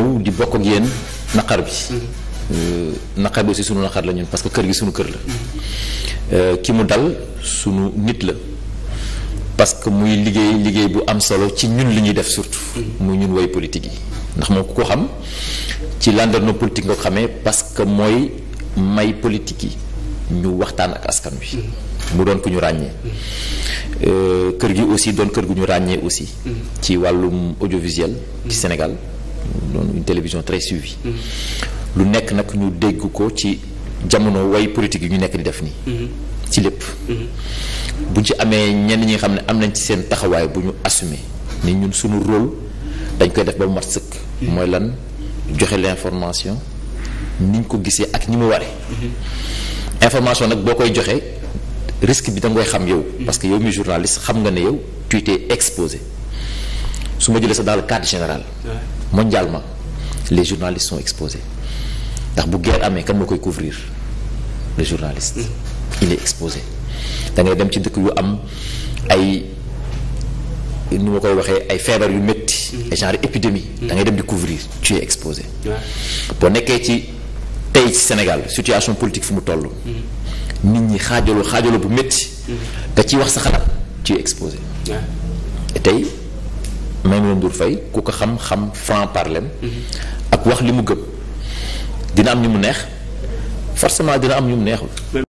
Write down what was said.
ñëw di bokk ak yéen mm-hmm. naqar bi. Mm-hmm. Euh, naqar bi aussi sunu naqar la ñun parce que kër gi sunu kër la. Mm-hmm. Euh, ki mu dal sunu nit la. parce que muy liggéey liggéey bu am solo ci ñun li ñuy def surtout. muy ñun way politique yi. ndax moom ku ko xam ci landerneau politique nga ko xamee parce que mooy may politique yi ñu waxtaan ak askan wi. mu doon ku ñu ràññee euh, kër gi aussi doon kër gu ñu ràññee aussi. ci wàllum audiovisuel. ci Sénégal. doon une télévision très mm-hmm. lu nekk nag ñu dégg ko ci jamono way politique yi ñu nekk di def nii. Mm-hmm. ci lépp. Mm-hmm. buñ ci amee ñenn ñi xam ne am nañ ci seen taxawaay bu ñu assumer ni ñun suñu rôle dañ koy def ba mu mat sëkk. mooy lan joxe l'information niñ ko gisee ak ñi mu ware information nag boo koy joxe risque bi da koy xam yow. parce que yow mi journaliste xam nga ne yow tu t'es exposé su ma jëlee sax dans le général. mondialement les journalistes sont exposés ndax bu guerre amee kan moo koy couvrir le journaliste mm. il est exposé da ngay dem ci dëkk yu am ay nu ma koy waxee ay feebar yu métti mm. ay genre épidémie mm. dangay dem di couvrir tu es exposé boo nekkee ci tey ci Sénégal situation politique fu mu toll nit ñi xaajaloo xaajaloo bu métti nga ciy wax sa xalaat tu es exposé Maimouna Ndour Faye ku ko xam xam franc parler ak wax li mu gëm dina am ñu mu neex forcément dina am ñu mu neexul